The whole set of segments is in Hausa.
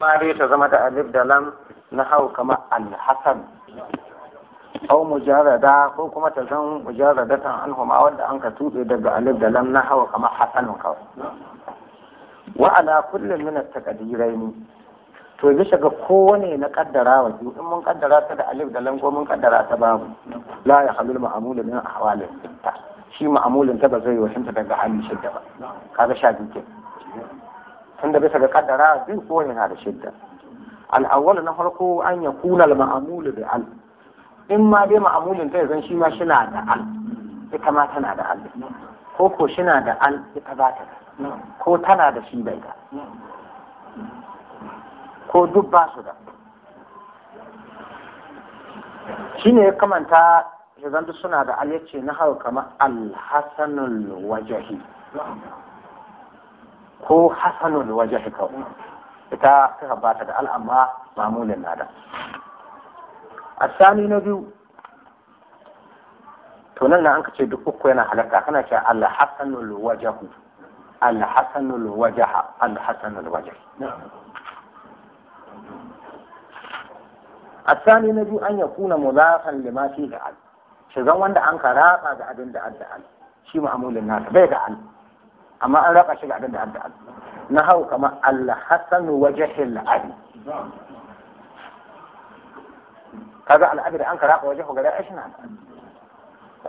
ma ta zama da alif da lam na hau kamar alhassan au mujarada ko kuma ta zan mujaradatan anhuma wanda an ka tuɗe daga alif da lam na hau kama hassan kawai wa ala kullum ta at ne. to bisa ga kowane na kaddara wa in mun kaddara ta da alif da lam ko mun kaddara ta babu la ya halul ma'amul min ahwalin shi ma'amulin ta ba zai wahinta daga halin shidda ba kaga sha biyu tunda bisa ga kaddara biyu ko yana da shidda al'awwal na farko an ya kuna al-ma'amulu da al in ma dai ma'amulin zai zan shi ma shina da al ita ma tana da al ko ko shina da al ita ba ta ko tana da shi bai da ko duk ba su da shi ne ya kamanta ya zan suna da al yace na hau kamar al-hasanul wajahi ko hasanul ka ita suka bata da al'amma mamulin nada asami na biyu to nan na an ce duk uku yana halatta kana ce alhasanul wajahu alhasanul wajaha alhasanul wajah asami na biyu an ya kuna mudafan lima fi da al shigan wanda an ka raba da abin da al da al shi ma'amulin nasa bai da al amma an raka shi ga abin da hadda Allah na hau kamar alhassan wajahil abi kaga al'abi da an ka raka wajahu gare shi na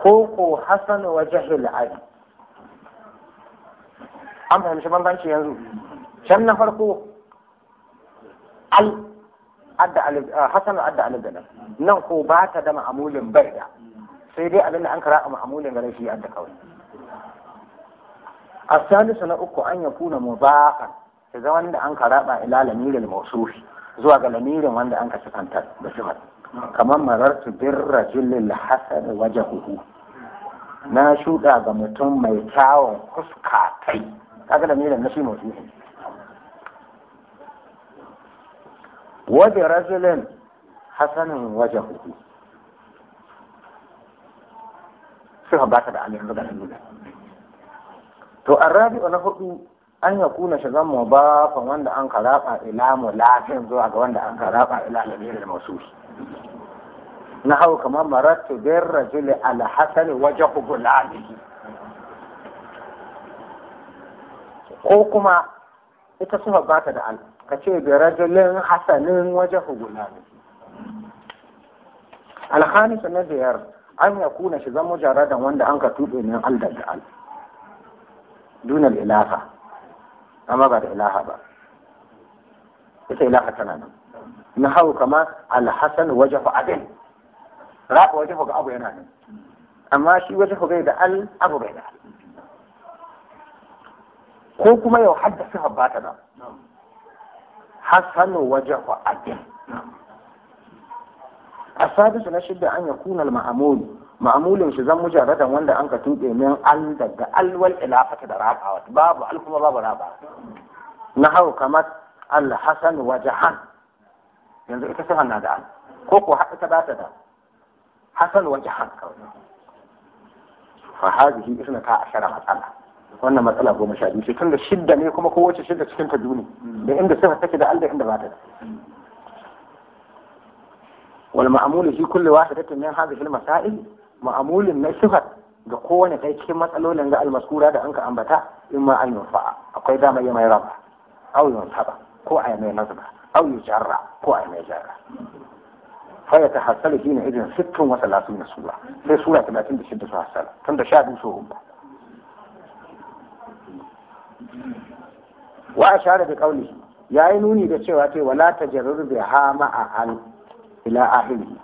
ko ko hasan wajahil abi an fahimci bambanci yanzu can na farko al adda ah, hasan adda Ali da nan ko ba ta da ma'amulin bai da sai dai abin da an kara a ma'amulin gare shi ya adda kawai A الثالث na uku an ya kuna mu mubahan ta zama da an karaba ila lamirin mausuf zuwa ga lamirin wanda an ka sakanta da sifat kamar marartu bir rajulil waje wajhuhu na shuda ga mutum mai kyawun fuska kai kaga lamirin na shi mausuf wajhu rajulin hasanin wajhuhu sifat ba ta da alimin da lamirin to rabi na hudu an ya kuna shigan mu ba fa wanda an karaba ila mu lafin zuwa ga wanda an karaba ila lamirin mausul na hau kamar maratu bin rajuli alhasani waje gulami ko kuma ita su ba bata da al ka ce bi rajulin hasanin waje gulami alhamis na biyar an ya kuna shigan mujaradan wanda an ka tuɓe ne al daga al dunal ilaha amma ba da ilaha ba ita ilaha tana nan na hau kama alhassan waje fa abin rafa waje ga abu yana nan amma shi waje ko kuma yau hadda sifar ba ta nan hassan waje fa abin السادس نشد أن kunal المأمول ma'amulin shi zan muja mujaradan wanda an ka tuɗe min al daga alwal ilafata da rafawa babu al kuma babu raba. na hau kamar al alhasan wa jahan yanzu ita sifan na da al ko ko ita ba ta da hasan wa jahan kawai fa hadhihi isna ta ashara matsala wannan matsala goma sha biyu tun da shidda ne kuma kowace shidda cikin ta duni da inda sifa take da al da inda ba ta da والمعمول في كل واحدة من هذه المسائل ma'amulin na shuhar ga kowane kai cikin matsalolin ga almaskura da an ka ambata in ma an yunfa akwai dama yi mai rama au yunsaba ko a mai nazba au yujarra ko a mai jarra fa ya ta hasala gina ne irin sittin wata lasu na sura sai sura talatin da shidda su hasala tun da sha biyu so uku wa a share da kauli ya yi nuni da cewa ce wala ta jarur biha ma'a an ila ahilihi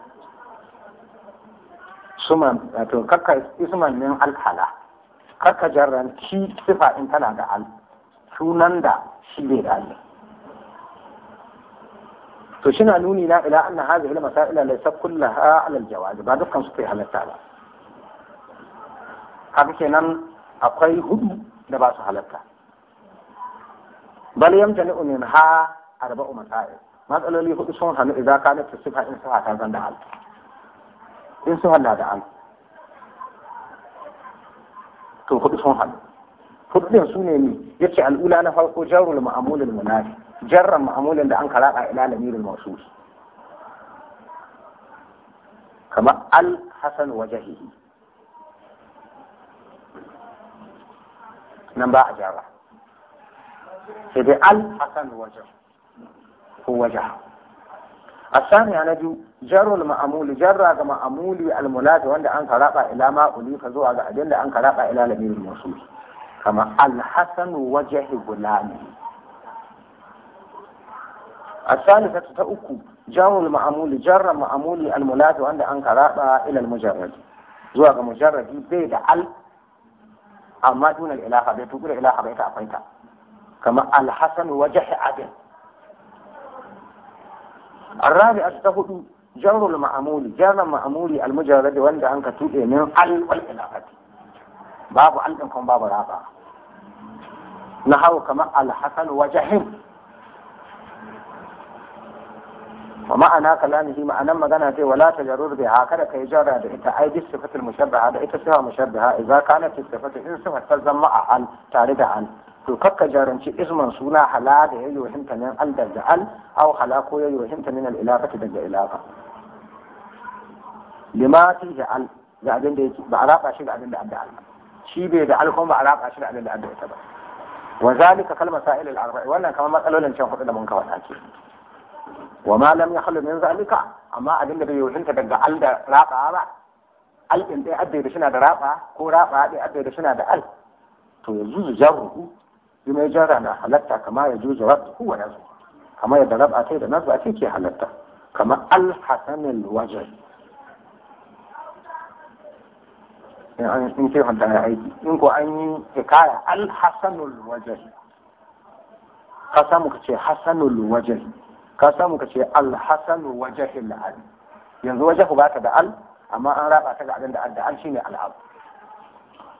suman wato kakka isman min alhala kakka jarranci sifa in tana da al sunan da shi bai da al to shina nuni na ila anna hadhihi al-masail laysa kullaha ala al-jawaz ba dukkan su kai halatta ba haka kenan akwai hudu da ba su halatta bal yamtani min ha arba'u masail matsaloli hudu sun hannu idan kana sifa in sifa ta zanda al in sun hada da an to hudu sun hadu hudun su ne ni yace al'ula na farko jarrul ma'amulin munafi jarran ma'amulin da an karaba ila lamirin mawsul kama al hasan wajhihi nan ba a jarra sai dai al hasan wajh ko wajh A sani ana biyu jarum ma'amu jarum ma'amu al-mulati wanda an karaba ila maku nika zuwa ga abinda an karaba ilan liri masu kama alhassan waje kulani a salisa ta uku jarum ma'amu jarum ma'amu al-mulati wanda an karaba ilan mujarraji zuwa ga mujarraji bai da al amma dunan illahabe tukun ilahabe ta akwai ta kama alhassan wajehi abin. الرابع تهدو جر المعمول جر المعمول المجرد وند أنك تودي من ال والعلاقة باب عندكم باب رابع نحو كما الحسن وجحيم كلامي كلامه معنى ما قال ولا تجرر بها كذا كي جرى بها أي دي الصفة المشبهة بإتا صفة مشبهة إذا كانت الصفة إن صفة تلزم معها عن تارد عن to kakka jaranci isman suna hala da ya yohinta min al daga al au hala ko ya yohinta min al ilafati daga ilafa lima fi da al ga abin da yake ba a raba shi da abin da adda al shi bai da al kuma ba a raba shi ga abin da adda ita ba wa zalika kalma masail al arba'i wannan kamar matsalolin can hudu da mun kawai ake wa ma lam yahlu min zalika amma abin da bai ta daga al da raba ba al din dai adda da shi na da raba ko raba dai adda da shi na da al to yanzu jaruhu ya jara na halatta kama ya juzu rabu kowa nazu kama yadda raba ta da nasu a ke halatta kama alhassanin wajen in ke in hanta ya aiki in ko an yi hikaya alhassanul wajen ka samu ka ce hassanul wajen ka samu ka ce alhassanul wajen la'ad yanzu wajen ku ba ta da al amma an raba ta ga abin da al da al shine al'abu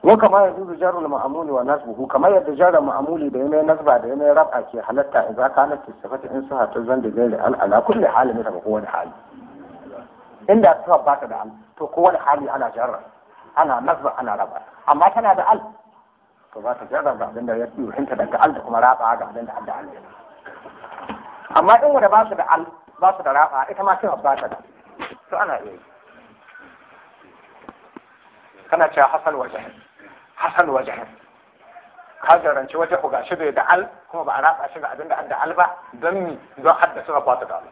وكما يجوز جار المعمول ونصبه كما يجوز جار المعمول بين النصب بين الرفع كي حالتا اذا كانت صفه انسها تزن دليل على على كل حال من هو الحال ان ذا تصب باك ده تو هو الحال على جار انا نصب انا رفع اما كان ده ال تو ذا تجاد بعد ان يجي وحين تدك ال كما رفع بعد ان ده ال اما ان ده باك ده ال باك ده رفع اذا ما تصب باك ده تو ايه كانت حصل وجهه hasan wajen ka zaranci wata ku gashi da al kuma ba a ratsa shi ga abin da an da al ba don mi don haddasa ga fatu da